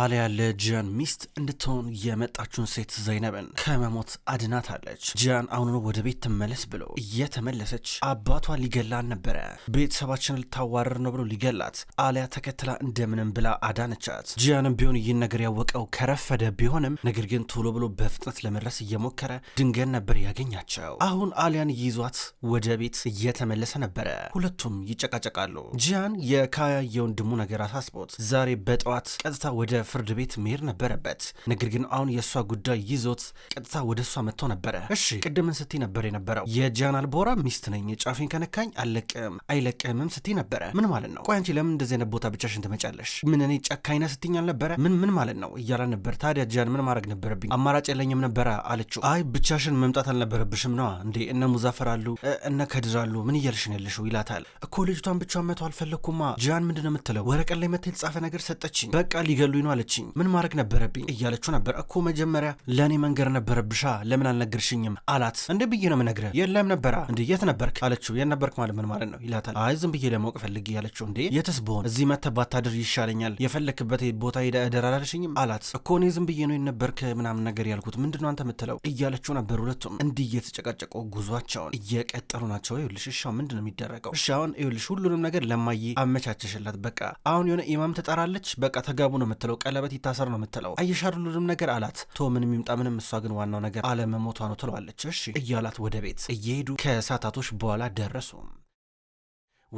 አሊያ ለጂያን ሚስት እንድትሆን የመጣችውን ሴት ዘይነብን ከመሞት አድናታለች። ጂያን አሁኑ ወደ ቤት ትመለስ ብሎ እየተመለሰች አባቷ ሊገላን ነበረ፣ ቤተሰባችን ልታዋረር ነው ብሎ ሊገላት አሊያ ተከትላ እንደምንም ብላ አዳነቻት። ጂያንም ቢሆን ይህን ነገር ያወቀው ከረፈደ ቢሆንም ነገር ግን ቶሎ ብሎ በፍጥነት ለመድረስ እየሞከረ ድንገን ነበር ያገኛቸው። አሁን አሊያን ይዟት ወደ ቤት እየተመለሰ ነበረ። ሁለቱም ይጨቃጨቃሉ። ጂያን የካያ የወንድሙ ነገር አሳስቦት ዛሬ በጠዋት ቀጥታ ወደ ፍርድ ቤት መሄድ ነበረበት። ነገር ግን አሁን የእሷ ጉዳይ ይዞት ቀጥታ ወደ እሷ መጥቶ ነበረ። እሺ ቅድምን ስቲ ነበር የነበረው የጃን አልቦራ ሚስት ነኝ፣ ጫፌን ከነካኝ አለቅም አይለቅምም ስቲ ነበረ። ምን ማለት ነው? ቆይ አንቺ ለምን እንደዚህ አይነት ቦታ ብቻሽን ትመጫለሽ? ምን እኔ ጨካኝና ስትኝ አልነበረ? ምን ምን ማለት ነው እያላን ነበር። ታዲያ ጃን ምን ማድረግ ነበረብኝ? አማራጭ የለኝም ነበረ አለችው። አይ ብቻሽን መምጣት አልነበረብሽም ነዋ እንዴ እነ ሙዛፈር አሉ እነ ከድር አሉ ምን እያልሽ ነው ያለሽው? ይላታል እኮ ልጅቷን ብቻ መተው አልፈለግኩማ። ጃን ምንድን ነው የምትለው? ወረቀት ላይ መታ የተጻፈ ነገር ሰጠችኝ። በቃ ሊገሉኝ ነው አለችኝ። ምን ማድረግ ነበረብኝ እያለችው ነበር እኮ መጀመሪያ ለእኔ መንገር ነበረብሻ ለምን አልነገርሽኝም አላት። እንደ ብዬ ነው የምነግርህ የለም ነበራ እንዴ የት ነበርክ አለችው። የት ነበርክ ማለት ምን ማለት ነው ይላታል። አይ ዝም ብዬ ለማወቅ ፈልጌ ያለችው። እንዴ የትስ ብሆን እዚህ መተህ ባታድር ይሻለኛል የፈለክበት ቦታ ሄደ እደር አላለሽኝም አላት። እኮ እኔ ዝም ብዬ ነው የነበርክ ምናምን ነገር ያልኩት ምንድነው አንተ የምትለው እያለችው ነበር። ሁለቱም እንዲህ እየተጨቃጨቁ ጉዟቸውን እየቀጠሉ ናቸው። ይኸውልሽ እሺ ምንድን ነው የሚደረገው? እሺ ይኸውልሽ ሁሉንም ነገር ለማየ አመቻቸሽላት። በቃ አሁን የሆነ ኢማም ትጠራለች። በቃ ተጋቡ ነው የምትለው ቀለበት ይታሰር ነው የምትለው። አየሻር ሁሉንም ነገር አላት። ቶ ምንም ይምጣ ምንም፣ እሷ ግን ዋናው ነገር አለመሞቷ ነው ትለዋለች። እሺ እያላት ወደ ቤት እየሄዱ ከሰዓታቶች በኋላ ደረሱ።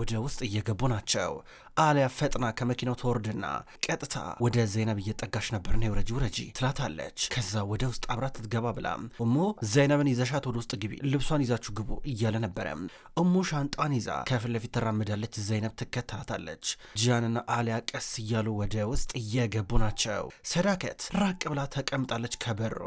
ወደ ውስጥ እየገቡ ናቸው። አሊያ ፈጥና ከመኪናው ተወርድና ቀጥታ ወደ ዘይነብ እየጠጋች ነበር። ነው ውረጂ ውረጂ ትላታለች። ከዛ ወደ ውስጥ አብራት ትገባ ብላ እሞ ዘይነብን ይዘሻት ወደ ውስጥ ግቢ፣ ልብሷን ይዛችሁ ግቡ እያለ ነበረ። እሞ ሻንጣን ይዛ ከፊት ለፊት ትራምዳለች። ዘይነብ ትከተላታለች። ጂያንና አሊያ ቀስ እያሉ ወደ ውስጥ እየገቡ ናቸው። ሰዳከት ራቅ ብላ ተቀምጣለች ከበሩ።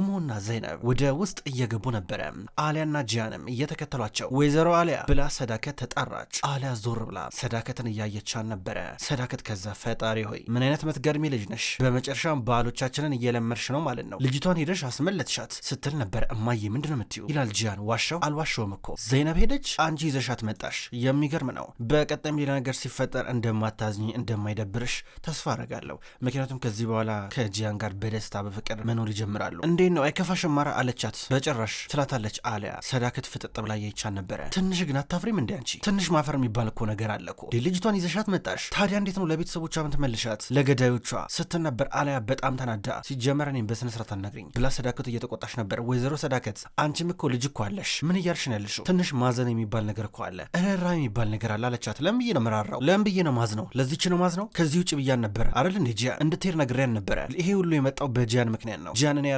እሞና ዘይነብ ወደ ውስጥ እየገቡ ነበረ። አሊያና ጂያንም እየተከተሏቸው ወይዘሮ አሊያ ብላ ሰዳከት ተጣራች። አሊያ ዞር ብላ ሰዳከትን እያየቻን ነበረ። ሰዳከት ከዛ ፈጣሪ ሆይ ምን አይነት መትገርሚ ልጅ ነሽ፣ በመጨረሻም ባሎቻችንን እየለመድሽ ነው ማለት ነው፣ ልጅቷን ሄደሽ አስመለትሻት ስትል ነበረ። እማዬ ምንድነው የምትዩ ይላል ጂያን። ዋሻው አልዋሻውም እኮ ዘይነብ ሄደች፣ አንቺ ይዘሻት መጣሽ። የሚገርም ነው። በቀጣይም ሌላ ነገር ሲፈጠር እንደማታዝኝ እንደማይደብርሽ ተስፋ አረጋለሁ። ምክንያቱም ከዚህ በኋላ ከጂያን ጋር በደስታ በፍቅር መኖር ይጀምራሉ። እንዴት ነው አይከፋሽም ማራ አለቻት። በጭራሽ ትላታለች አሊያ። ሰዳከት ፍጥጥ ብላ እያየቻን ነበረ። ትንሽ ግን አታፍሪም እንዴ አንቺ ትንሽ ማፈር የሚባል እኮ ነገር አለ እኮ ልጅቷን ይዘሻት መጣሽ። ታዲያ እንዴት ነው ለቤተሰቦቿ ምትመልሻት? ለገዳዮቿ ስትል ነበር አልያ በጣም ተናዳ። ሲጀመር እኔም በስነ ስርዓት አናግሪኝ ብላ ሰዳከት እየተቆጣሽ ነበር። ወይዘሮ ሰዳከት አንቺም እኮ ልጅ እኮ አለሽ። ምን እያልሽ ነው ያለሽው? ትንሽ ማዘን የሚባል ነገር እኮ አለ፣ እረራ የሚባል ነገር አለ አለቻት። ለምን ብዬ ነው መራራው? ለምን ብዬ ነው ማዝነው? ለዚች ነው ማዝነው? ከዚህ ውጭ ብያን ነበረ አይደል እንዴ ጂያ እንድትሄድ ነግሬያን ነበረ። ይሄ ሁሉ የመጣው በጂያን ምክንያት ነው። ጂያንን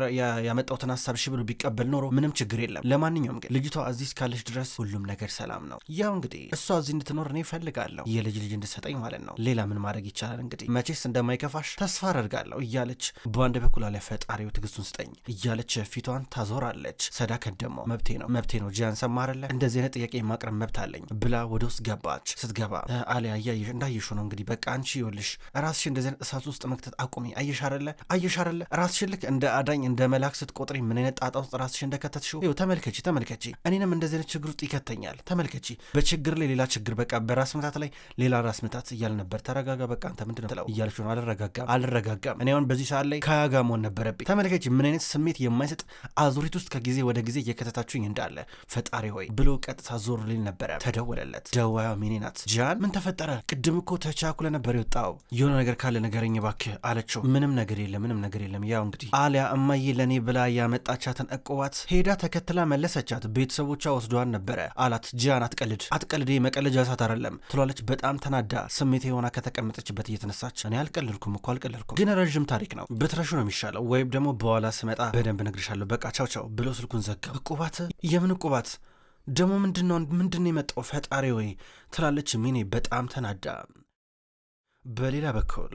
ያመጣውትን ሀሳብ ሺ ብሎ ቢቀበል ኖሮ ምንም ችግር የለም። ለማንኛውም ግን ልጅቷ እዚህ እስካለሽ ድረስ ሁሉም ነገር ሰላም ነው። ያው እንግዲህ እሷ እዚህ እንድትኖር እኔ እፈልጋለሁ፣ የልጅ ልጅ እንድሰጠኝ ማለት ነው። ሌላ ምን ማድረግ ይቻላል? እንግዲህ መቼስ እንደማይከፋሽ ተስፋ አደርጋለሁ እያለች በአንድ በኩል አለ ፈጣሪው ትግስቱን ስጠኝ እያለች ፊቷን ታዞራለች። ሰዳከት ደግሞ መብቴ ነው መብቴ ነው ጂያን ሰማረለ እንደዚህ አይነት ጥያቄ የማቅረብ መብት አለኝ ብላ ወደ ውስጥ ገባች። ስትገባ አሊያ እያየሽ እንዳየሹ ነው እንግዲህ በቃ አንቺ ይኸውልሽ ራስሽ እንደዚህ አይነት እሳት ውስጥ መክተት አቁሚ። አየሽ አደለ አየሽ አደለ ራስሽን ልክ እንደ አዳኝ እንደ መልአክ ስትቆጥሪ ምን አይነት ጣጣ ውስጥ ራስሽ እንደከተትሽው ተመልከቺ ተመልከቺ። እኔንም እንደዚህ አይነት ችግር ውስጥ ይከተኛል። ተመልከቺ በችግር ላይ ሌላ ችግር በቃ በራስ ምታት ላይ ሌላ ራስ ምታት እያል ነበር። ተረጋጋ በቃ አንተ ምንድን ነው እያለች ነው። አልረጋጋም አልረጋጋም። እኔ አሁን በዚህ ሰዓት ላይ ከያ ጋር መሆን ነበረብኝ። ተመልከች ምን አይነት ስሜት የማይሰጥ አዙሪት ውስጥ ከጊዜ ወደ ጊዜ እየከተታችሁኝ እንዳለ ፈጣሪ ሆይ ብሎ ቀጥታ ዞር ሊል ነበረ። ተደወለለት። ደዋያ ሚኔ ናት። ጂያን ምን ተፈጠረ? ቅድም እኮ ተቻኩለ ነበር የወጣው። የሆነ ነገር ካለ ነገረኝ እባክህ አለችው። ምንም ነገር የለም ምንም ነገር የለም። ያው እንግዲህ አሊያ እማዬ ለእኔ ብላ ያመጣቻትን እቁባት ሄዳ ተከትላ መለሰቻት። ቤተሰቦቿ ወስደዋን ነበረ አላት። ጃን አትቀልድ አትቀልድ መቀል መቀለጃሳት አይደለም ትሏለች። በጣም ተናዳ ስሜት የሆና ከተቀመጠችበት እየተነሳች እኔ አልቀለልኩም እኮ አልቀለልኩም፣ ግን ረዥም ታሪክ ነው ብትረሹ ነው የሚሻለው፣ ወይም ደግሞ በኋላ ስመጣ በደንብ ነግርሻለሁ። በቃ ቻው ቻው ብሎ ስልኩን ዘጋው። እቁባት የምን እቁባት ደግሞ ምንድን ምንድን የመጣው? ፈጣሪ ወይ ትላለች ሚኔ በጣም ተናዳ። በሌላ በኩል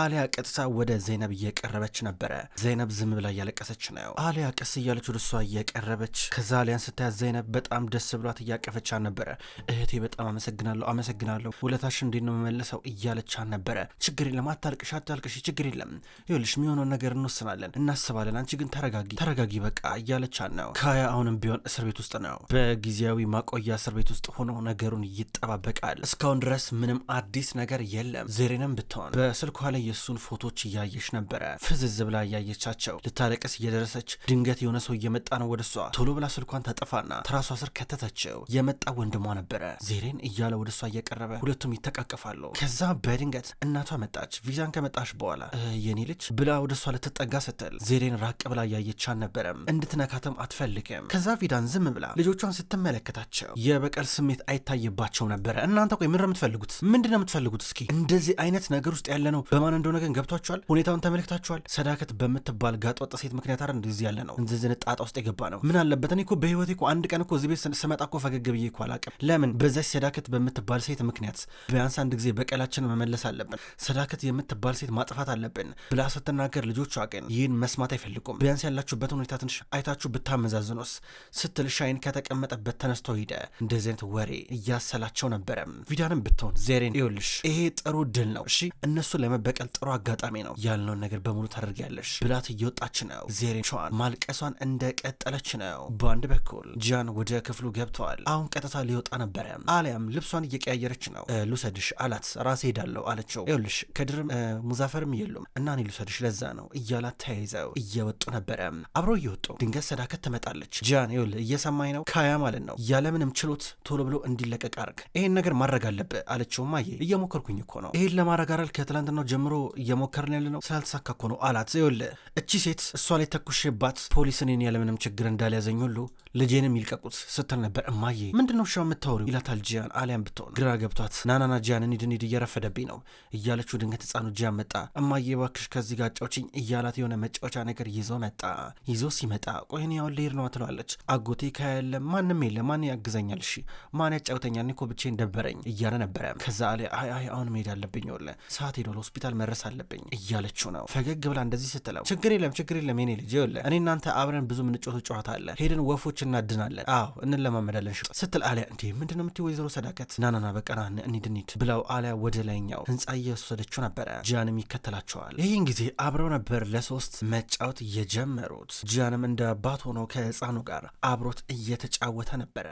አሊያ ቀጥታ ወደ ዘይነብ እየቀረበች ነበረ። ዘይነብ ዝም ብላ እያለቀሰች ነው። አሊያ ቀስ እያለች ወደ እሷ እየቀረበች ከዛ አሊያን ስታያት ዘይነብ በጣም ደስ ብሏት እያቀፈቻን ነበረ። እህቴ በጣም አመሰግናለሁ፣ አመሰግናለሁ ውለታሽ እንዴት ነው መመለሰው እያለቻን ነበረ። ችግር የለም አታልቅሽ፣ አታልቅሽ ችግር የለም ይኸውልሽ፣ የሚሆነውን ነገር እንወስናለን፣ እናስባለን። አንቺ ግን ተረጋጊ፣ ተረጋጊ በቃ እያለቻን ነው። ካያ አሁንም ቢሆን እስር ቤት ውስጥ ነው። በጊዜያዊ ማቆያ እስር ቤት ውስጥ ሆኖ ነገሩን ይጠባበቃል። እስካሁን ድረስ ምንም አዲስ ነገር የለም። ዜሬንም ብትሆን በስልኳ ላይ የእሱን ፎቶች እያየች ነበረ። ፍዝዝ ብላ እያየቻቸው ልታለቀስ እየደረሰች ድንገት የሆነ ሰው እየመጣ ነው ወደ እሷ። ቶሎ ብላ ስልኳን ተጠፋና ትራሷ ስር ከተተችው። የመጣ ወንድሟ ነበረ። ዜሬን እያለ ወደ እሷ እየቀረበ ሁለቱም ይተቃቀፋሉ። ከዛ በድንገት እናቷ መጣች። ቪዛን ከመጣች በኋላ የኔ ልጅ ብላ ወደ እሷ ልትጠጋ ስትል ዜሬን ራቅ ብላ እያየች አልነበረም። እንድትነካትም አትፈልግም። ከዛ ቪዳን ዝም ብላ ልጆቿን ስትመለከታቸው የበቀል ስሜት አይታይባቸው ነበረ። እናንተ ቆይ ነው የምትፈልጉት ምንድን ነው የምትፈልጉት? እስኪ እንደዚህ አይነት ነገር ውስጥ ያለ ነው እየሆነ እንደሆነ ግን ገብቷችኋል። ሁኔታውን ተመልክታችኋል። ሰዳከት በምትባል ጋጠወጥ ሴት ምክንያት አረ እንደዚህ ያለ ነው እንዝዝን ጣጣ ውስጥ የገባ ነው። ምን አለበት እኔ እኮ በህይወቴ እኮ አንድ ቀን እኮ እዚህ ቤት ስመጣ እኮ ፈገግ ብዬ እኮ አላቅም። ለምን በዛች ሰዳከት በምትባል ሴት ምክንያት ቢያንስ አንድ ጊዜ በቀላችን መመለስ አለብን፣ ሰዳከት የምትባል ሴት ማጥፋት አለብን ብላ ስትናገር ልጆቿ ግን ይህን መስማት አይፈልጉም። ቢያንስ ያላችሁበትን ሁኔታ ትንሽ አይታችሁ ብታመዛዝኖስ ስትል ሻይን ከተቀመጠበት ተነስቶ ሄደ። እንደዚህ አይነት ወሬ እያሰላቸው ነበረ። ቪዳንም ብትሆን ዜሬን ይኸውልሽ፣ ይሄ ጥሩ ድል ነው እሺ እነሱ ለመበቀ ለመበቀል ጥሩ አጋጣሚ ነው። ያልነውን ነገር በሙሉ ታደርጊያለሽ ብላት እየወጣች ነው። ዜሬን ሸዋን ማልቀሷን እንደቀጠለች ነው። በአንድ በኩል ጃን ወደ ክፍሉ ገብተዋል። አሁን ቀጥታ ሊወጣ ነበረ። አሊያም ልብሷን እየቀያየረች ነው። ልውሰድሽ አላት። ራሴ ሄዳለሁ አለችው። ይኸውልሽ ከድርም ሙዛፈርም የሉም እና እኔ ልውሰድሽ ለዛ ነው እያላት ተያይዘው እየወጡ ነበረ። አብረው እየወጡ ድንገት ሰዳከት ትመጣለች። ጃን ይኸውልህ እየሰማኝ ነው ካያ ማለት ነው ያለምንም ችሎት ቶሎ ብሎ እንዲለቀቅ አርግ። ይሄን ነገር ማድረግ አለብህ አለችውም። ማየ እየሞከርኩኝ እኮ ነው ይሄን ለማድረግ አራል ከትላንትናው ጀምሮ ጀምሮ እየሞከርን ያለ ነው ስላልተሳካ እኮ ነው አላት። ይኸውልህ እቺ ሴት እሷ ላይ ተኩሼባት ፖሊስ እኔን ያለምንም ችግር እንዳልያዘኝ ሁሉ ልጄንም ይልቀቁት ስትል ነበር። እማዬ ምንድነው ሻ የምታወሪው ይላታል ጂያን። አሊያም ብትሆን ግራ ገብቷት ናናና ጂያንን ኒድ ኒድ እየረፈደብኝ ነው እያለችው ድንገት ህፃኑ ጂያን መጣ። እማዬ እባክሽ ከዚህ ጋር ጫውችኝ እያላት የሆነ መጫወቻ ነገር ይዞ መጣ። ይዞ ሲመጣ ቆይን ያውን ልሄድ ነዋ ትለዋለች። አጎቴ ከያለ ማንም የለ ማን ያግዘኛል? እሺ ማን ያጫውተኛል? እኔ እኮ ብቼን ደበረኝ እያለ ነበረ። ከዛ አሊያ አይ አይ አሁን መሄድ አለብኝ ወለ ሰዓት ሄዶ ለሆስፒታል መድረስ አለብኝ እያለችው ነው። ፈገግ ብላ እንደዚህ ስትለው ችግር የለም ችግር የለም የኔ ልጅ ይኸውልህ፣ እኔ እናንተ አብረን ብዙ ምንጮቶ ጨዋታ አለ ሄደን ወፎች እናድናለን። አዎ እንለማመዳለን ሽ ስትል አሊያ እንዴ ምንድን ነው የምትይው ወይዘሮ ሰዳከት? ናናና በቀና እኒድ ብለው አሊያ ወደ ላይኛው ህንፃ እየወሰደችው ነበረ። ጂያንም ይከተላቸዋል። ይህን ጊዜ አብረው ነበር ለሶስት መጫወት የጀመሩት። ጂያንም እንደ አባት ሆኖ ከህፃኑ ጋር አብሮት እየተጫወተ ነበረ።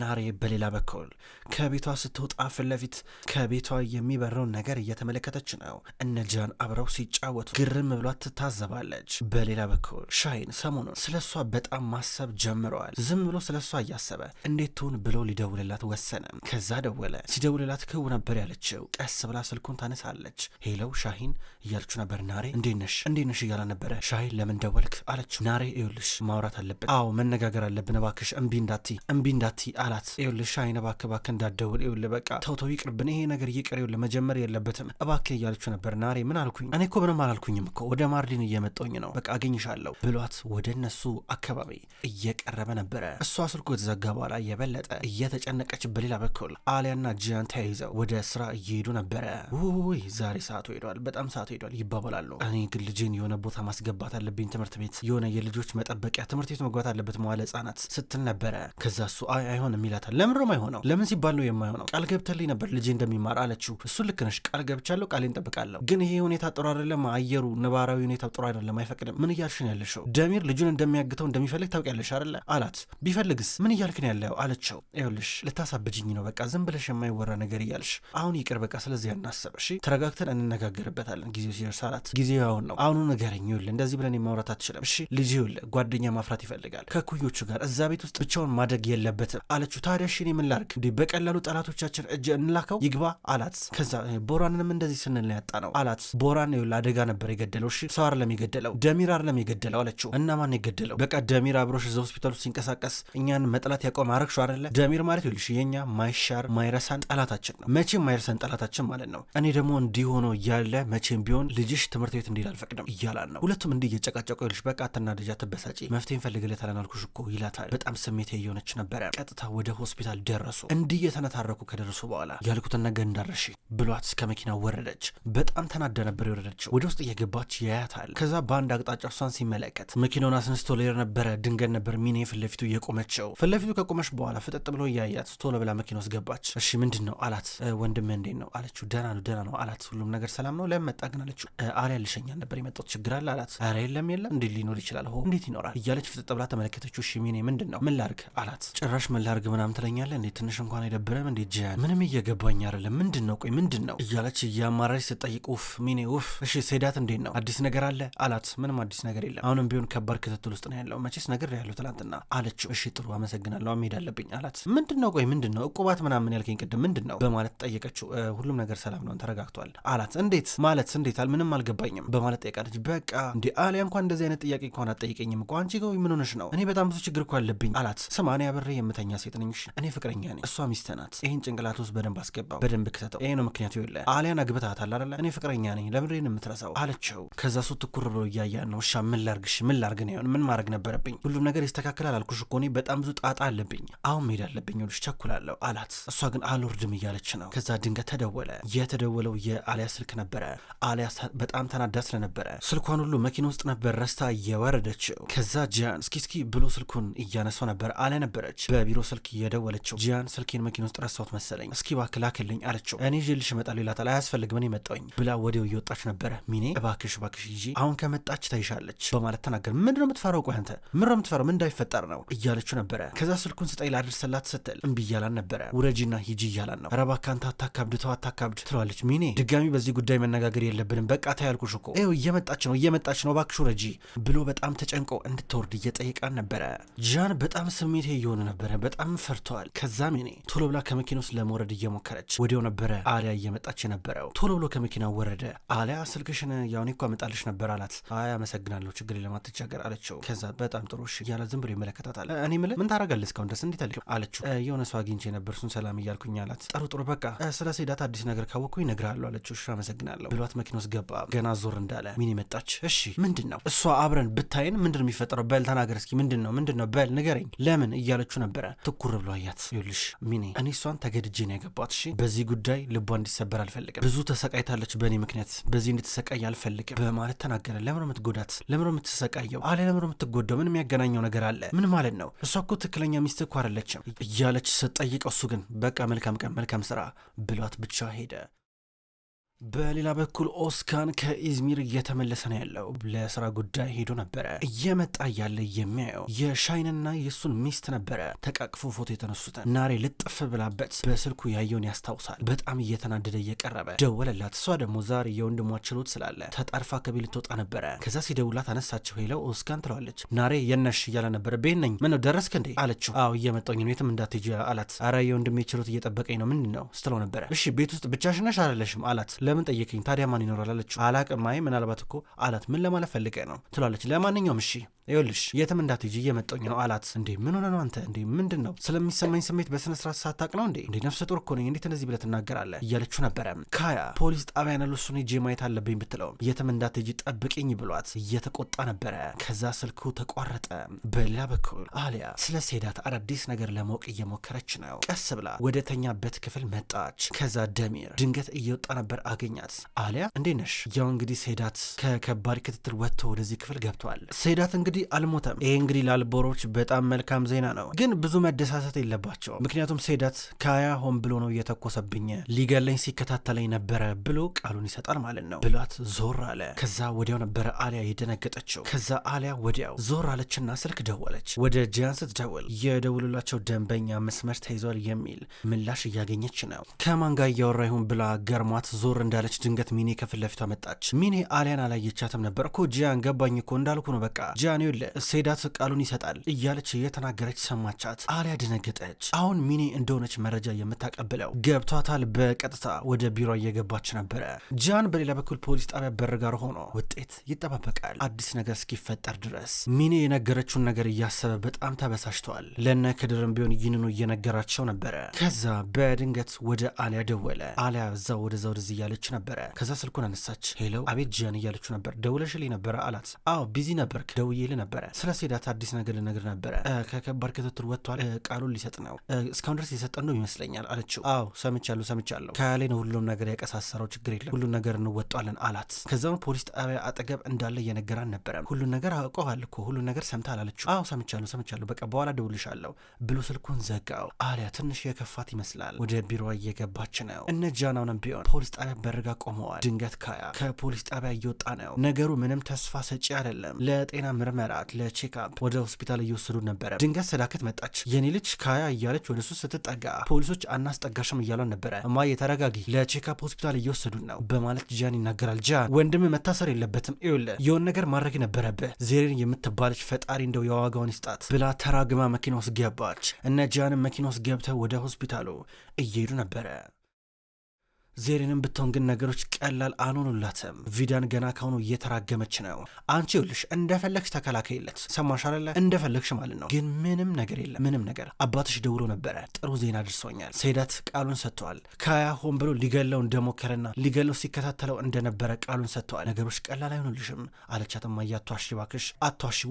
ናሬ በሌላ በኩል ከቤቷ ስትወጣ ፊት ለፊት ከቤቷ የሚበረውን ነገር እየተመለከተች ነው። እነ ጃን አብረው ሲጫወቱ ግርም ብሏት ትታዘባለች። በሌላ በኩል ሻይን ሰሞኑን ስለ እሷ በጣም ማሰብ ጀምረዋል። ዝም ብሎ ስለ እሷ እያሰበ እንዴት ትሁን ብሎ ሊደውልላት ወሰነ። ከዛ ደወለ። ሲደውልላት ክው ነበር ያለችው። ቀስ ብላ ስልኩን ታነሳለች። ሄለው ሻሂን እያለችው ነበር። ናሬ እንዴት ነሽ እንዴት ነሽ እያለ ነበረ። ሻሂን ለምን ደወልክ አለችው። ናሬ ይኸውልሽ ማውራት አለብን። አዎ መነጋገር አለብን። እባክሽ እምቢ እንዳቲ እምቢ እንዳቲ አላት። ይኸውልህ ሻይን እባክህ እባክህ እንዳደውል ይኸውልህ በቃ ተውተው ይቅርብን፣ ይሄ ነገር ይቅር፣ ይኸውልህ መጀመር የለበትም እባክህ እያለችው ነበር። ናሬ ምን አልኩኝ? እኔ እኮ ምንም አላልኩኝም እኮ ወደ ማርዲን እየመጣሁኝ ነው፣ በቃ አገኝሻለሁ ብሏት ወደ እነሱ አካባቢ እየቀረበ ነበረ። እሷ ስልኩ የተዘጋ በኋላ የበለጠ እየተጨነቀች፣ በሌላ በኩል አሊያና ጂያን ተያይዘው ወደ ስራ እየሄዱ ነበረ። ውይ ዛሬ ሰዓቱ ሄዷል፣ በጣም ሰዓቱ ሄዷል ይባባላሉ። እኔ ግን ልጄን የሆነ ቦታ ማስገባት አለብኝ፣ ትምህርት ቤት የሆነ የልጆች መጠበቂያ ትምህርት ቤት መግባት አለበት መዋለ ህጻናት ስትል ነበረ። ከዛ እሱ አይ አይሆንም ይላታል። ለምን አይሆነው? ለምን ሲባል ነው የማይሆነው? ቃል ገብተልኝ ነበር ልጅ እንደሚማር አለችው። እሱ ልክ ነሽ፣ ቃል ገብቻለሁ፣ ቃል እጠብቃለሁ። ግን ይሄ ሁኔታ ጥሩ አይደለም፣ አየሩ ነባራዊ ሁኔታ ጥሩ አይደለም፣ አይፈቅድም። ምን እያልሽ ነው ያለሽው? ደሚር ልጁን እንደሚያግተው እንደሚፈልግ ታውቂያለሽ አለ አላት። ቢፈልግስ ምን እያልክ ነው ያለው አለችው። ይኸውልሽ ልታሳብጅኝ ነው በቃ ዝም ብለሽ የማይወራ ነገር እያልሽ አሁን ይቅር በቃ ስለዚህ ያናሰብ እሺ፣ ተረጋግተን እንነጋገርበታለን ጊዜው ሲደርስ አላት። ጊዜው አሁን ነው፣ አሁኑ ንገረኝ። ይኸውልህ እንደዚህ ብለን የማውራት አትችልም እሺ። ልጅ ይኸውልህ ጓደኛ ማፍራት ይፈልጋል ከኩዮቹ ጋር እዛ ቤት ውስጥ ብቻውን ማደግ የለበትም አለችው። ታዲያ እሺ እኔ ምን ላድርግ እንዲህ በቀላሉ ጠላቶቻችን እጅ እንላከው ይግባ አላት። ከዛ ቦራንንም እንደዚህ ስንል ያጣ ነው አላት። ቦራን ለአደጋ ነበር የገደለው። እሺ ሰው አይደለም የገደለው ደሚር አይደለም የገደለው አለችው። እና ማን የገደለው? በቃ ደሚር አብሮሽ እዛ ሆስፒታሉ ሲንቀሳቀስ እኛን መጥላት ያቆም አረግሹ አደለ? ደሚር ማለት ይልሽ የኛ ማይሻር ማይረሳን ጠላታችን ነው። መቼም ማይረሳን ጠላታችን ማለት ነው። እኔ ደግሞ እንዲህ ሆኖ እያለ መቼም ቢሆን ልጅሽ ትምህርት ቤት እንዲል አልፈቅድም እያላን ነው። ሁለቱም እንዲህ እየጨቃጨቁ ይልሽ በቃ አትና ልጃ ትበሳጪ መፍትሄ እንፈልግለታለን አልኩሽ እኮ ይላታል። በጣም ስሜት የሆነች ነበረ ቀጥታ ወደ ሆስፒታል ደረሱ። እንዲህ የተነታረኩ ከደረሱ በኋላ ያልኩትን ነገር እንዳረሽ ብሏት እስከ መኪና ወረደች። በጣም ተናደ ነበር የወረደችው። ወደ ውስጥ እየገባች ያያታል። ከዛ በአንድ አቅጣጫ እሷን ሲመለከት መኪናውን አስነስቶ ሌር ነበረ። ድንገት ነበር ሚኔ ፊት ለፊቱ የቆመችው። ፊት ለፊቱ ከቆመች በኋላ ፍጥጥ ብሎ እያያት ቶሎ ብላ መኪና ውስጥ ገባች። እሺ ምንድን ነው አላት። ወንድም እንዴት ነው አለችው። ደና ነው ደና ነው አላት። ሁሉም ነገር ሰላም ነው መጣ ግን አለችው። አሊያ ልሸኛል ነበር የመጣሁት ችግር አለ አላት። ኧረ የለም የለም እንዴት ሊኖር ይችላል ሆ እንዴት ይኖራል እያለች ፍጥጥ ብላ ተመለከተችው። እሺ ሚኔ ምንድን ነው ምን ላርግ አላት። ጭራሽ መላ እናርግ ምናምን ትለኛለ እንዴ? ትንሽ እንኳን አይደብረም እንዴ? ጂያን ምንም እየገባኝ አይደለም። ምንድን ነው ቆይ ምንድን ነው እያለች እያማራች ስጠይቅ ውፍ ሚኔ ውፍ። እሺ ሴዳት እንዴት ነው አዲስ ነገር አለ አላት። ምንም አዲስ ነገር የለም። አሁንም ቢሆን ከባድ ክትትል ውስጥ ነው ያለው። መቼስ ነገር ያለው ትላንትና አለችው። እሺ ጥሩ አመሰግናለሁ፣ መሄድ አለብኝ አላት። ምንድን ነው ቆይ ምንድን ነው እቁባት ምናምን ያልከኝ ቅድም ምንድን ነው በማለት ጠየቀችው። ሁሉም ነገር ሰላም ነው ተረጋግቷል አላት። እንዴት ማለት እንዴት አል ምንም አልገባኝም በማለት ጠየቃለች። በቃ እንዲ አሊያ እንኳን እንደዚህ አይነት ጥያቄ እንኳን አጠይቀኝም እኮ አንቺ ምን ሆነሽ ነው? እኔ በጣም ብዙ ችግር እኮ አለብኝ አላት። ስማንያ ብሬ የምተኛ ሴት ነኝ። እኔ ፍቅረኛ ነኝ፣ እሷ ሚስት ናት። ይህን ጭንቅላት ውስጥ በደንብ አስገባው፣ በደንብ ክተተው። ይሄ ነው ምክንያቱ። የለ አሊያን አግብታታል አይደለ? እኔ ፍቅረኛ ነኝ፣ ለምድሬን የምትረሳው አለችው። ከዛ እሱ ትኩር ብሎ እያያን ነው። እሻ ምን ላርግሽ? ምን ላርግ ነው? ምን ማድረግ ነበረብኝ? ሁሉም ነገር ይስተካከላል አልኩሽ እኮ እኔ በጣም ብዙ ጣጣ አለብኝ። አሁን መሄድ አለብኝ፣ ይኸውልሽ ቸኩላለሁ አላት። እሷ ግን አልወርድም እያለች ነው። ከዛ ድንገት ተደወለ። የተደወለው የአሊያ ስልክ ነበረ። አሊያ በጣም ተናዳ ስለነበረ ስልኳን ሁሉ መኪና ውስጥ ነበር ረስታ እየወረደችው። ከዛ ጃን እስኪ እስኪ ብሎ ስልኩን እያነሳው ነበር። አሊያ ነበረች በቢሮ ስልክ እየደወለችው ጂያን ስልኬን መኪና ውስጥ ረሳሁት መሰለኝ እስኪ እባክህ ላክልኝ አለችው። እኔ ይዤልሽ እመጣለሁ ይላታል። አያስፈልግም እኔ መጣሁኝ ብላ ወዲያው እየወጣች ነበረ። ሚኔ እባክሽ እባክሽ ይዤ አሁን ከመጣች ታይሻለች በማለት ተናገር። ምንድን ነው የምትፈራው? ቆይ አንተ ምንድን ነው የምትፈራው? ምን እንዳይፈጠር ነው እያለችው ነበረ። ከዛ ስልኩን ስጠይ ላድርሰላት ስትል እምቢ እያላን ነበረ። ውረጂና ሂጂ እያላን ነው። ኧረ አንተ አታካብድ፣ ተው አታካብድ ትለዋለች። ሚኔ ድጋሚ በዚህ ጉዳይ መነጋገር የለብንም በቃ ታያልኩሽ እኮ ይኸው እየመጣች ነው እየመጣች ነው እባክሽ ውረጂ ብሎ በጣም ተጨንቆ እንድትወርድ እየጠየቃን ነበረ። ጂያን በጣም ስሜት እየሆነ ነበረ በጣም ፈርተዋል። ከዛም ኔ ቶሎ ብላ ከመኪና ውስጥ ለመውረድ እየሞከረች ወዲያው ነበረ አሊያ እየመጣች የነበረው። ቶሎ ብሎ ከመኪና ወረደ። አሊያ ስልክሽን ያሁኔ እኮ አመጣልሽ ነበር አላት። አይ አመሰግናለሁ፣ ችግር የለም አለችው። ከዛ በጣም ጥሩ እሺ እያለ ዝም ብሎ ይመለከታታል። እኔ ምለ ምን ታረጋለ እስካሁን ደስ እንዴት አልክም አለችው። የሆነ ሰው አግኝቼ ነበር እሱን ሰላም እያልኩኝ አላት። ጥሩ ጥሩ በቃ ስለ ሴዳት አዲስ ነገር ካወቅኩ ይነግርሃለሁ አለችው። እሺ አመሰግናለሁ ብሏት መኪና ውስጥ ገባ። ገና ዞር እንዳለ ሚኒ መጣች። እሺ ምንድን ነው እሷ አብረን ብታይን ምንድን ነው የሚፈጠረው? በል ተናገር እስኪ ምንድን ነው ምንድን ነው በል ንገረኝ ለምን እያለችው ነበረ ትኩር ብሎ አያት። ይኸውልሽ ሚኔ እኔ እሷን ተገድጄ ነው ያገባት። እሺ በዚህ ጉዳይ ልቧ እንዲሰበር አልፈልግም። ብዙ ተሰቃይታለች በእኔ ምክንያት፣ በዚህ እንድትሰቃይ አልፈልግም በማለት ተናገረ። ለምነው የምትጎዳት? ለምነው የምትሰቃየው? አለ ለምነው የምትጎዳው? ምን የሚያገናኘው ነገር አለ? ምን ማለት ነው? እሷ እኮ ትክክለኛ ሚስት እኮ አይደለችም እያለች ስትጠይቀው፣ እሱ ግን በቃ መልካም ቀን መልካም ስራ ብሏት ብቻ ሄደ። በሌላ በኩል ኦስካን ከኢዝሚር እየተመለሰ ነው ያለው። ለስራ ጉዳይ ሄዶ ነበረ። እየመጣ እያለ የሚያየው የሻይንና የእሱን ሚስት ነበረ። ተቃቅፎ ፎቶ የተነሱትን ናሬ ልጥፍ ብላበት በስልኩ ያየውን ያስታውሳል። በጣም እየተናደደ እየቀረበ ደወለላት። እሷ ደግሞ ዛሬ የወንድሟ ችሎት ስላለ ተጣርፋ ከቤት ልትወጣ ነበረ። ከዛ ሲደውላት አነሳቸው። ሄለው ኦስካን ትለዋለች። ናሬ የነሽ እያለ ነበረ። ቤት ነኝ። ምነው ደረስክ እንዴ አለችው። አዎ እየመጣኝ ነው፣ የትም እንዳትሄጂ አላት። አረ የወንድሜ ችሎት እየጠበቀኝ ነው። ምንድን ነው ስትለው ነበረ። እሺ ቤት ውስጥ ብቻሽነሽ ነሽ አላት። ለምን ጠየቀኝ ታዲያ ማን ይኖራል አለችው። አላቅም አይ ምናልባት እኮ አላት። ምን ለማለት ፈልገ ነው ትላለች። ለማንኛውም እሺ ይኸውልሽ የትም እንዳትሄጂ እየመጣሁኝ ነው አላት። እንዴ ምን ሆነ ነው አንተ? እንዴ ምንድን ነው ስለሚሰማኝ ስሜት በስነ ስርዓት ሳታቅ ነው እንዴ? እንዴ ነፍሰ ጡር እኮ ነኝ እንዴት እንደዚህ ብለህ ትናገራለህ? እያለችው ነበረ። ካያ ፖሊስ ጣቢያ ያሉ እሱን ሄጄ ማየት አለብኝ ብትለውም የትም እንዳትሄጂ ጠብቅኝ ብሏት እየተቆጣ ነበረ። ከዛ ስልኩ ተቋረጠ። በሌላ በኩል አሊያ ስለ ሴዳት አዳዲስ ነገር ለማወቅ እየሞከረች ነው። ቀስ ብላ ወደ ተኛበት ክፍል መጣች። ከዛ ደሚር ድንገት እየወጣ ነበር አገኛት። አሊያ እንዴት ነሽ? ያው እንግዲህ ሴዳት ከከባድ ክትትል ወጥቶ ወደዚህ ክፍል ገብተዋል። ሴዳት እንግዲህ አልሞተም። ይሄ እንግዲህ ላልቦሮች በጣም መልካም ዜና ነው። ግን ብዙ መደሳሰት የለባቸው። ምክንያቱም ሴዳት ካያ ሆን ብሎ ነው እየተኮሰብኝ፣ ሊገለኝ ሲከታተለኝ ነበረ ብሎ ቃሉን ይሰጣል ማለት ነው ብሏት ዞር አለ። ከዛ ወዲያው ነበረ አሊያ የደነገጠችው። ከዛ አሊያ ወዲያው ዞር አለችና ስልክ ደወለች። ወደ ጂያን ስትደውል የደውሉላቸው ደንበኛ መስመር ተይዟል የሚል ምላሽ እያገኘች ነው። ከማን ጋር እያወራ ይሁን ብላ ገርሟት ዞር እንዳለች ድንገት ሚኔ ከፊት ለፊቷ መጣች። ሚኔ አሊያን አላየቻትም ነበር። እኮ ጂያን ገባኝ እኮ እንዳልኩ ነው በቃ ጂያን የለ ሴዳት ቃሉን ይሰጣል እያለች እየተናገረች ሰማቻት። አሊያ ደነገጠች። አሁን ሚኔ እንደሆነች መረጃ የምታቀብለው ገብቷታል። በቀጥታ ወደ ቢሮ እየገባች ነበረ። ጂያን በሌላ በኩል ፖሊስ ጣቢያ በርጋር ሆኖ ውጤት ይጠባበቃል። አዲስ ነገር እስኪፈጠር ድረስ ሚኔ የነገረችውን ነገር እያሰበ በጣም ተበሳሽተዋል። ለነ ክድርም ቢሆን ይህንኑ እየነገራቸው ነበረ። ከዛ በድንገት ወደ አሊያ ደወለ። አሊያ እዛ ወደዛ ወደዚህ እያለ እያለች ነበረ። ከዛ ስልኩን አነሳች። ሄለው አቤት ጂያን እያለች ነበር። ደውለሽልኝ ነበረ አላት። አዎ ቢዚ ነበርክ፣ ደውዬል ነበረ። ስለ ሴዳት አዲስ ነገር ልነግር ነበረ። ከከባድ ክትትል ወጥቷል፣ ቃሉን ሊሰጥ ነው። እስካሁን ድረስ የሰጠን ነው ይመስለኛል አለችው። አዎ ሰምቻለሁ፣ ሰምቻለሁ። ከያሌ ነው ሁሉም ነገር ያቀሳሰረው። ችግር የለም፣ ሁሉን ነገር እንወጧለን አላት። ከዛም ፖሊስ ጣቢያ አጠገብ እንዳለ እየነገራን አልነበረም። ሁሉን ነገር አውቀዋል እኮ ሁሉን ነገር ሰምታል አለችው። አዎ ሰምቻለሁ፣ ሰምቻለሁ። በቃ በኋላ ደውልሻለሁ ብሎ ስልኩን ዘጋው። አሊያ ትንሽ የከፋት ይመስላል። ወደ ቢሮ እየገባች ነው። እነ ጃናውንም ቢሆን ፖሊስ ጣቢያ በርጋ ቆመዋል። ድንገት ካያ ከፖሊስ ጣቢያ እየወጣ ነው። ነገሩ ምንም ተስፋ ሰጪ አይደለም። ለጤና ምርመራት ለቼክአፕ ወደ ሆስፒታል እየወሰዱ ነበረ። ድንገት ሰዳከት መጣች። የኔ ልጅ ካያ እያለች ወደ እሱ ስትጠጋ ፖሊሶች አናስጠጋሽም እያሏን ነበረ። እማዬ ተረጋጊ፣ ለቼክአፕ ሆስፒታል እየወሰዱን ነው በማለት ጃን ይናገራል። ጃን ወንድም መታሰር የለበትም ይውለ የሆን ነገር ማድረግ ነበረብህ። ዜሬን የምትባለች ፈጣሪ እንደው የዋጋውን ይስጣት ብላ ተራግማ መኪና ውስጥ ገባች። እነ ጃንም መኪና ውስጥ ገብተው ወደ ሆስፒታሉ እየሄዱ ነበረ። ዜሬንም ብትሆን ግን ነገሮች ቀላል አልሆኑላትም። ቪዳን ገና ካሁኑ እየተራገመች ነው። አንቺ ይኸውልሽ እንደፈለግሽ ተከላከይለት፣ ሰማሽ አይደለ? እንደፈለግሽ ማለት ነው። ግን ምንም ነገር የለም ምንም ነገር። አባትሽ ደውሎ ነበረ፣ ጥሩ ዜና አድርሶኛል። ሴዳት ቃሉን ሰጥተዋል። ካያ ሆን ብሎ ሊገለው እንደሞከረና ሊገለው ሲከታተለው እንደነበረ ቃሉን ሰጥተዋል። ነገሮች ቀላል አይሆኑልሽም አለቻት። እማዬ አቷሽ እባክሽ፣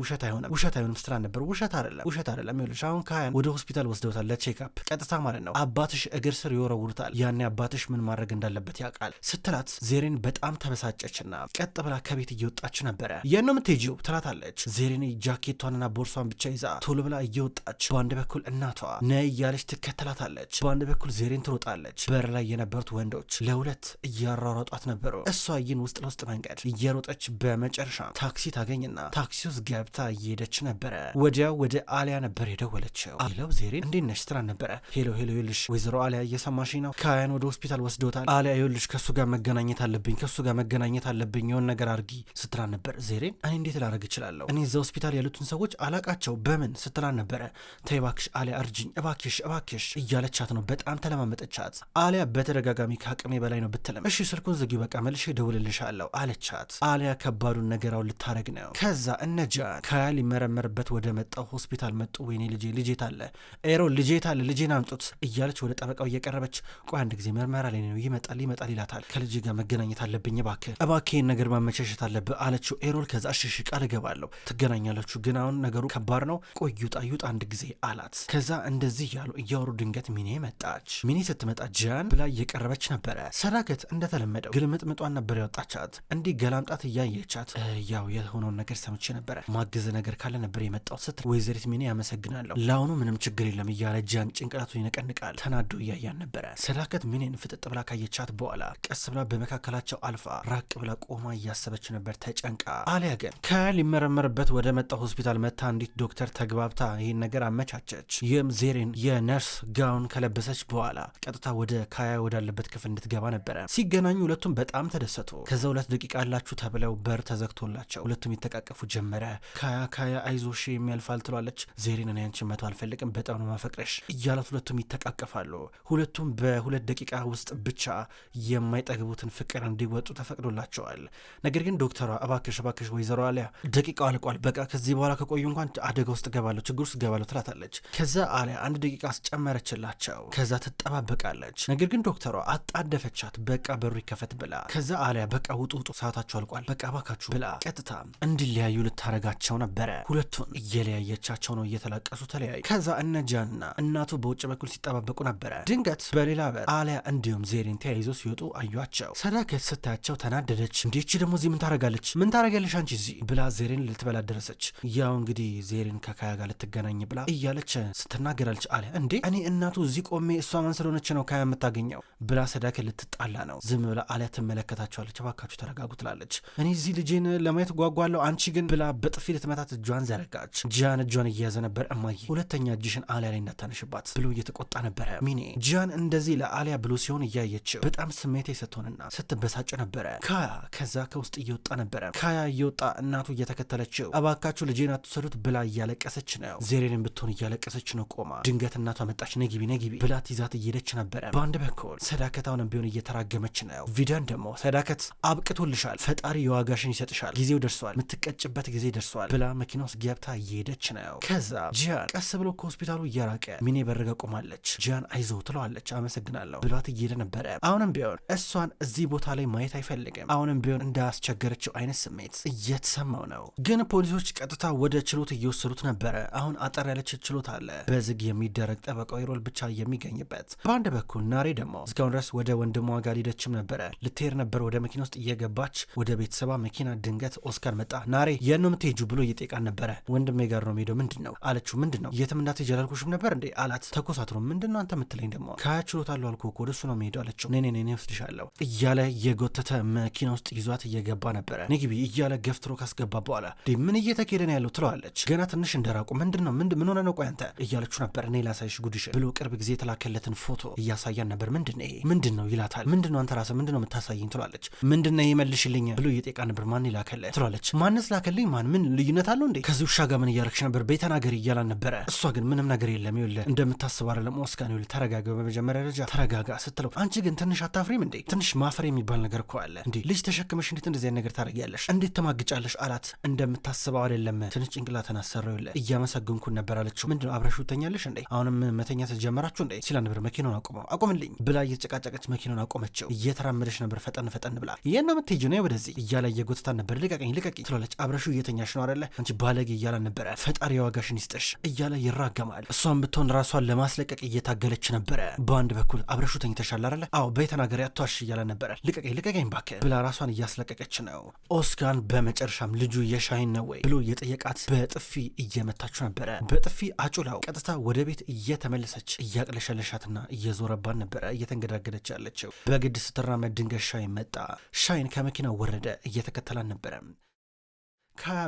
ውሸት አይሆንም፣ ውሸት አይሆንም ስትላ ነበር። ውሸት አይደለም፣ ውሸት አይደለም። ይኸውልሽ አሁን ካያን ወደ ሆስፒታል ወስደውታል ለቼክአፕ፣ ቀጥታ ማለት ነው። አባትሽ እግር ስር ይወረውሩታል። ያኔ አባትሽ ምን ማድረግ ማድረግ እንዳለበት ያውቃል ስትላት ዜሬን በጣም ተበሳጨችና ቀጥ ብላ ከቤት እየወጣች ነበረ። የት ነው የምትሄጂው? ትላታለች። ዜሬን ጃኬቷንና ቦርሷን ብቻ ይዛ ቶሎ ብላ እየወጣች በአንድ በኩል እናቷ ነይ እያለች ትከተላታለች፣ በአንድ በኩል ዜሬን ትሮጣለች። በር ላይ የነበሩት ወንዶች ለሁለት እያሯሯጧት ነበሩ። እሷ ይህን ውስጥ ለውስጥ መንገድ እየሮጠች በመጨረሻ ታክሲ ታገኝና ታክሲ ውስጥ ገብታ እየሄደች ነበረ። ወዲያው ወደ አሊያ ነበር የደወለችው። አለው ዜሬን እንዴት ነሽ? ስትላት ነበረ። ሄሎ ሄሎ ይልሽ፣ ወይዘሮ አሊያ እየሰማሽኝ ነው? ካያን ወደ ሆስፒታል ወስዶታል አሊያ ይኸውልሽ ከእሱ ጋር መገናኘት አለብኝ ከእሱ ጋር መገናኘት አለብኝ የሆን ነገር አርጊ ስትላ ነበር። ዜሬን እኔ እንዴት ላረግ እችላለሁ? እኔ እዛ ሆስፒታል ያሉትን ሰዎች አላቃቸው በምን ስትላ ነበረ። ተይ እባክሽ አሊያ እርጅኝ፣ እባክሽ እባክሽ እያለቻት ነው። በጣም ተለማመጠቻት። አሊያ በተደጋጋሚ ከአቅሜ በላይ ነው ብትልም እሺ ስልኩን ዝጊ፣ በቃ መልሼ እደውልልሻለሁ አለቻት። አሊያ ከባዱን ነገራውን ልታረግ ነው። ከዛ እነጃን ከያ ሊመረመርበት ወደ መጣው ሆስፒታል መጡ። ወይኔ ልጄ ልጄ ታለ ኤሮ ልጄ ታለ ልጄን አምጡት እያለች ወደ ጠበቃው እየቀረበች ቆይ አንድ ጊዜ መርመራ ላይ ነው ይመጣል ይመጣል ይላታል። ከልጅ ጋር መገናኘት አለብኝ እባክህ እባክህን ነገር ማመቻቸት አለብህ አለችው ኤሮል። ከዛ ሽሽ ቃል እገባለሁ ትገናኛለችሁ፣ ግን አሁን ነገሩ ከባድ ነው። ቆይ ይውጣ ይውጣ አንድ ጊዜ አላት። ከዛ እንደዚህ እያሉ እያወሩ ድንገት ሚኔ መጣች። ሚኔ ስትመጣ ጃን ብላ እየቀረበች ነበረ። ሰዳከት እንደተለመደው ግልምጥምጧን ነበር ያወጣቻት። እንዲህ ገላምጣት እያየቻት ያው የሆነውን ነገር ሰምቼ ነበረ ማግዝ ነገር ካለ ነበር የመጣው ስትል ወይዘሪት ሚኔ ያመሰግናለሁ፣ ለአሁኑ ምንም ችግር የለም እያለ ጃን ጭንቅላቱን ይነቀንቃል። ተናዶ እያያን ነበረ። ሰዳከት ሚኔን ፍጥጥ ብላ ካየ ካየቻት በኋላ ቀስ ብላ በመካከላቸው አልፋ ራቅ ብላ ቆማ እያሰበች ነበር ተጨንቃ። አሊያ ግን ሊመረመርበት ወደ መጣ ሆስፒታል መታ አንዲት ዶክተር ተግባብታ ይህን ነገር አመቻቸች። ይህም ዜሬን የነርስ ጋውን ከለበሰች በኋላ ቀጥታ ወደ ካያ ወዳለበት ክፍል እንድትገባ ነበረ። ሲገናኙ ሁለቱም በጣም ተደሰቱ። ከዛ ሁለት ደቂቃ አላችሁ ተብለው በር ተዘግቶላቸው ሁለቱም ይተቃቀፉ ጀመረ። ካያ ካያ አይዞሽ የሚያልፋል ትሏለች። ዜሬን እኔ አንቺን መተው አልፈልግም በጣም ነው ማፈቅረሽ እያላት ሁለቱም ይተቃቀፋሉ። ሁለቱም በሁለት ደቂቃ ውስጥ ብቻ ብቻ የማይጠግቡትን ፍቅር እንዲወጡ ተፈቅዶላቸዋል። ነገር ግን ዶክተሯ እባክሽ እባክሽ ወይዘሮ አሊያ ደቂቃው አልቋል፣ በቃ ከዚህ በኋላ ከቆዩ እንኳን አደጋ ውስጥ ገባለሁ፣ ችግር ውስጥ ገባለሁ ትላታለች። ከዛ አሊያ አንድ ደቂቃ አስጨመረችላቸው። ከዛ ትጠባበቃለች። ነገር ግን ዶክተሯ አጣደፈቻት። በቃ በሩ ይከፈት ብላ ከዛ አሊያ በቃ ውጡ ውጡ፣ ሰዓታችሁ አልቋል፣ በቃ እባካችሁ ብላ ቀጥታ እንዲለያዩ ልታረጋቸው ነበረ። ሁለቱን እየለያየቻቸው ነው፣ እየተላቀሱ ተለያዩ። ከዛ እነ እናቱ በውጭ በኩል ሲጠባበቁ ነበረ። ድንገት በሌላ በር አሊያ እንዲሁም ዜሬን ተያይዘው ሲወጡ አዩቸው። ሰዳከት ስታያቸው ተናደደች። እንዲች ደግሞ እዚህ ምን ታረጋለች? ምን ታረጋለሽ አንቺ እዚህ ብላ ዜሬን ልትበላ ደረሰች። ያው እንግዲህ ዜሬን ከካያ ጋር ልትገናኝ ብላ እያለች ስትናገራለች። አለ እንዴ እኔ እናቱ እዚህ ቆሜ እሷ ማን ስለሆነች ነው ካያ የምታገኘው ብላ ሰዳከት ልትጣላ ነው። ዝም ብላ አሊያ ትመለከታቸዋለች። እባካችሁ ተረጋጉ ትላለች። እኔ እዚህ ልጄን ለማየት ጓጓለሁ፣ አንቺ ግን ብላ በጥፊ ልትመታት እጇን ዘረጋች። ጃን እጇን እያያዘ ነበር። እማዬ ሁለተኛ እጅሽን አሊያ ላይ እንዳታነሽባት ብሎ እየተቆጣ ነበረ። ሚኔ ጃን እንደዚህ ለአሊያ ብሎ ሲሆን እያየች ያለችው። በጣም ስሜቴ ስትሆንና ስትበሳጭ ነበረ። ካያ ከዛ ከውስጥ እየወጣ ነበረ። ካያ እየወጣ እናቱ እየተከተለችው እባካችሁ ልጄን አትወሰዱት ብላ እያለቀሰች ነው። ዜሬንም ብትሆን እያለቀሰች ነው ቆማ። ድንገት እናቷ መጣች። ነግቢ ነግቢ ብላት ይዛት እየሄደች ነበረ። በአንድ በኩል ሰዳከታውንም ቢሆን እየተራገመች ነው። ቪዳን ደግሞ ሰዳከት አብቅቶልሻል፣ ፈጣሪ የዋጋሽን ይሰጥሻል፣ ጊዜው ደርሷል፣ የምትቀጭበት ጊዜ ደርሷል ብላ መኪና ውስጥ ገብታ እየሄደች ነው። ከዛ ጂያን ቀስ ብሎ ከሆስፒታሉ እያራቀ ሚኔ በረገ ቆማለች። ጂያን አይዞ ትለዋለች። አመሰግናለሁ ብሏት እየሄደ ነበረ። ነበረ። አሁንም ቢሆን እሷን እዚህ ቦታ ላይ ማየት አይፈልግም። አሁንም ቢሆን እንዳስቸገረችው አይነት ስሜት እየተሰማው ነው። ግን ፖሊሶች ቀጥታ ወደ ችሎት እየወሰዱት ነበረ። አሁን አጠር ያለች ችሎት አለ፣ በዝግ የሚደረግ ጠበቃው ሮል ብቻ የሚገኝበት። በአንድ በኩል ናሬ ደግሞ እስካሁን ድረስ ወደ ወንድሟ ጋር ሊደችም ነበረ። ልትሄድ ነበር ወደ መኪና ውስጥ እየገባች ወደ ቤተሰባ መኪና ድንገት ኦስካር መጣ። ናሬ የንም ነው ብሎ እየጠየቃት ነበረ። ወንድሜ ጋር ነው የምሄደው። ምንድን ነው አለችው። ምንድን ነው የትም እንዳትሄጂ አላልኩሽም ነበር እንዴ አላት። ተኮሳትሮ ምንድን ነው አንተ የምትለኝ ደግሞ ከችሎት አለው አልኩ እኮ ወደሱ ነው የምሄደው አለችው። አለችው። ኔ ኔ ወስድሻለሁ እያለ የጎተተ መኪና ውስጥ ይዟት እየገባ ነበረ። ንግቢ እያለ ገፍትሮ ካስገባ በኋላ ምን እየተካሄደ ነው ያለው ትለዋለች። ገና ትንሽ እንደራቁ ምንድን ነው ምን ሆነ ነው ቆይ አንተ እያለችሁ ነበር። እኔ ላሳይሽ ጉድሽ ብሎ ቅርብ ጊዜ የተላከለትን ፎቶ እያሳያን ነበር። ምንድን ነው ይሄ ምንድን ነው ይላታል። ምንድን ነው አንተ ራስህ ምንድን ነው የምታሳይኝ ትለዋለች። ምንድን ነው ይመልሽልኝ ብሎ እየጤቃ ነበር። ማን ይላከለ ትለዋለች። ማንስ ላከልኝ ማን ምን ልዩነት አለው እንዴ ከዚህ ውሻ ጋር ምን እያረግሽ ነበር ቤተናገር እያላን ነበረ። እሷ ግን ምንም ነገር የለም ይኸውልህ እንደምታስብ አይደለም ኦስካን ይኸውልህ ተረጋጋ፣ በመጀመሪያ ደረጃ ተረጋጋ ስትለው አንቺ ግን ግን ትንሽ አታፍሪም እንዴ? ትንሽ ማፈር የሚባል ነገር እኮ አለ እንዴ! ልጅ ተሸክመሽ እንዴት እንደዚህ ነገር ታደርጊያለሽ? እንዴት ተማግጫለሽ? አላት። እንደምታስበው አይደለም። ትንሽ ጭንቅላትን አሰረው ለ እያመሰግንኩን ነበር አለችው። ምንድን ነው አብረሽ ትተኛለሽ እንዴ? አሁንም መተኛ ተጀመራችሁ እንዴ? ሲላ ነበር መኪናውን አቁመው አቁምልኝ ብላ እየተጨቃጨቀች መኪናውን አቆመችው። እየተራመደች ነበር ፈጠን ፈጠን ብላ። ይህን ነው የምትሄጂው ነው ወደዚህ እያለ እየጎተታን ነበር። ልቀቀኝ ልቀቀኝ ትሏለች። አብረሹ እየተኛሽ ነው አይደለ አንቺ ባለጌ እያላን ነበረ። ፈጣሪ የዋጋሽን ይስጥሽ እያለ ይራገማል። እሷን ብትሆን ራሷን ለማስለቀቅ እየታገለች ነበረ። በአንድ በኩል አብረሹ ተኝተሻል አይደለ አዎ በየተናገር ያቷሽ እያለ ነበረ። ልቀቀኝ ልቀቀኝ ባክ ብላ ራሷን እያስለቀቀች ነው። ኦስካን በመጨረሻም ልጁ የሻይን ነው ወይ ብሎ የጠየቃት በጥፊ እየመታችሁ ነበረ። በጥፊ አጩላው ቀጥታ ወደ ቤት እየተመለሰች እያቅለሸለሻትና እየዞረባን ነበረ እየተንገዳገደች ያለችው። በግድ ስትራመድ ድንገት ሻይን መጣ። ሻይን ከመኪና ወረደ እየተከተላን ነበረ።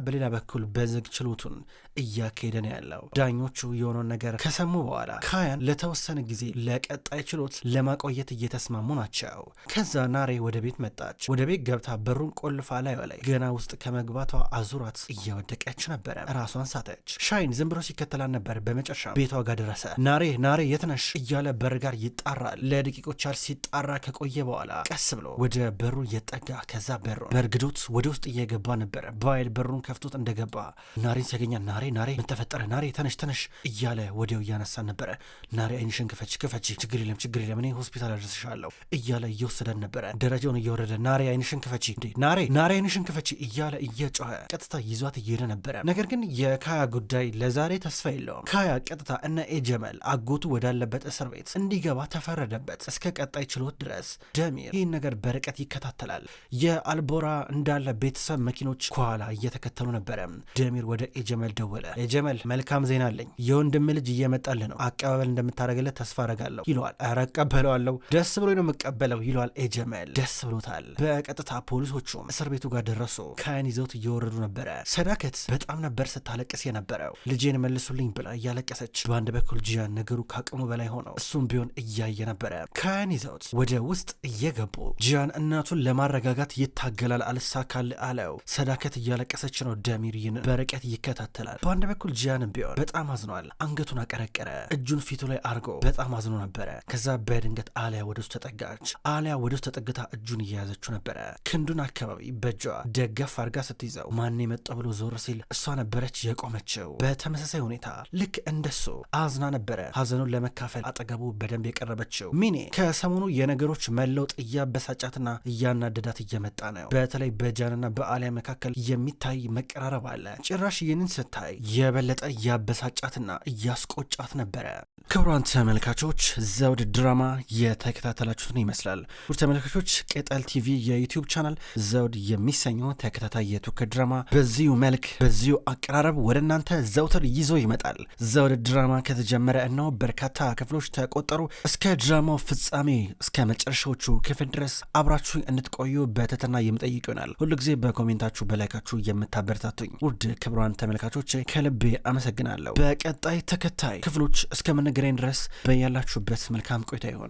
በሌላ በኩል በዝግ ችሎቱን እያካሄደ ነው ያለው። ዳኞቹ የሆነውን ነገር ከሰሙ በኋላ ካያን ለተወሰነ ጊዜ ለቀጣይ ችሎት ለማቆየት እየተስማሙ ናቸው። ከዛ ናሬ ወደ ቤት መጣች። ወደ ቤት ገብታ በሩን ቆልፋ ላይ ላይ ገና ውስጥ ከመግባቷ አዙራት እያወደቀች ነበረ። ራሷን ሳተች። ሻይን ዝም ብሎ ሲከተላን ነበር። በመጨረሻ ቤቷ ጋር ደረሰ። ናሬ ናሬ የትነሽ እያለ በር ጋር ይጣራል። ለደቂቆች ያህል ሲጣራ ከቆየ በኋላ ቀስ ብሎ ወደ በሩ እየጠጋ ከዛ በሩ በእርግዶት ወደ ውስጥ እየገባ ነበረ ባይል በሩን ከፍቶት እንደገባ ናሬን ሲያገኛ ናሬ ናሬ ምን ተፈጠረ? ናሬ ተነሽ ተነሽ እያለ ወዲያው እያነሳን ነበረ። ናሬ አይንሽን ክፈች ክፈች፣ ችግር የለም ችግር የለም እኔ ሆስፒታል አደርስሻለሁ እያለ እየወሰደን ነበረ። ደረጃውን እየወረደ ናሬ አይንሽን ክፈች እንዴ ናሬ ናሬ አይንሽን ክፈች እያለ እየጮኸ ቀጥታ ይዟት እየሄደ ነበረ። ነገር ግን የካያ ጉዳይ ለዛሬ ተስፋ የለውም። ካያ ቀጥታ እነ ኤጀመል አጎቱ ወዳለበት እስር ቤት እንዲገባ ተፈረደበት። እስከ ቀጣይ ችሎት ድረስ ደሚር ይህን ነገር በርቀት ይከታተላል። የአልቦራ እንዳለ ቤተሰብ መኪኖች ከኋላ እየተከተሉ ነበረ። ደሚር ወደ ኤጀመል ደወለ። ኤጀመል መልካም ዜና አለኝ፣ የወንድም ልጅ እየመጣልህ ነው፣ አቀባበል እንደምታደርግለት ተስፋ አደርጋለሁ ይለዋል። ኧረ እቀበለዋለሁ፣ ደስ ብሎ ነው የምቀበለው ይለዋል። ኤጀመል ደስ ብሎታል። በቀጥታ ፖሊሶቹም እስር ቤቱ ጋር ደረሱ። ካያን ይዘውት እየወረዱ ነበረ። ሰዳከት በጣም ነበር ስታለቅስ የነበረው ልጄን መልሱልኝ ብላ እያለቀሰች። በአንድ በኩል ጂያን ነገሩ ካቅሙ በላይ ሆነው እሱም ቢሆን እያየ ነበረ። ካያን ይዘውት ወደ ውስጥ እየገቡ ጂያን እናቱን ለማረጋጋት ይታገላል፣ አልሳካል አለው። ሰዳከት እያለቀ እያለቀሰች ነው። ደሚር በርቀት ይከታተላል። በአንድ በኩል ጂያንም ቢሆን በጣም አዝኗል። አንገቱን አቀረቀረ፣ እጁን ፊቱ ላይ አድርጎ በጣም አዝኖ ነበረ። ከዛ በድንገት አሊያ ወደሱ ተጠጋች። አሊያ ወደሱ ተጠግታ እጁን እየያዘችው ነበረ። ክንዱን አካባቢ በእጇ ደገፍ አርጋ ስትይዘው ማን የመጣ ብሎ ዞር ሲል እሷ ነበረች የቆመችው። በተመሳሳይ ሁኔታ ልክ እንደሱ አዝና ነበረ። ሀዘኑን ለመካፈል አጠገቡ በደንብ የቀረበችው ሚኔ ከሰሞኑ የነገሮች መለውጥ እያበሳጫትና እያናደዳት እየመጣ ነው። በተለይ በጃንና በአሊያ መካከል የሚታ ስታይ መቀራረብ አለ። ጭራሽ ይህንን ስታይ የበለጠ እያበሳጫትና እያስቆጫት ነበረ። ክቡራን ተመልካቾች ዘውድ ድራማ የተከታተላችሁትን ይመስላል። ውድ ተመልካቾች ቅጠል ቲቪ የዩቲዩብ ቻናል ዘውድ የሚሰኘው ተከታታይ የቱርክ ድራማ በዚሁ መልክ በዚሁ አቀራረብ ወደ እናንተ ዘውትር ይዞ ይመጣል። ዘውድ ድራማ ከተጀመረ እናው በርካታ ክፍሎች ተቆጠሩ። እስከ ድራማው ፍጻሜ እስከ መጨረሻዎቹ ክፍል ድረስ አብራችሁ እንድትቆዩ በትህትና የምጠይቅ ይሆናል። ሁሉ ጊዜ በኮሜንታችሁ በላይካችሁ የምታበረታቱኝ ውድ ክብሯን ተመልካቾች ከልቤ አመሰግናለሁ። በቀጣይ ተከታይ ክፍሎች እስከምንገናኝ ድረስ በያላችሁበት መልካም ቆይታ ይሆን።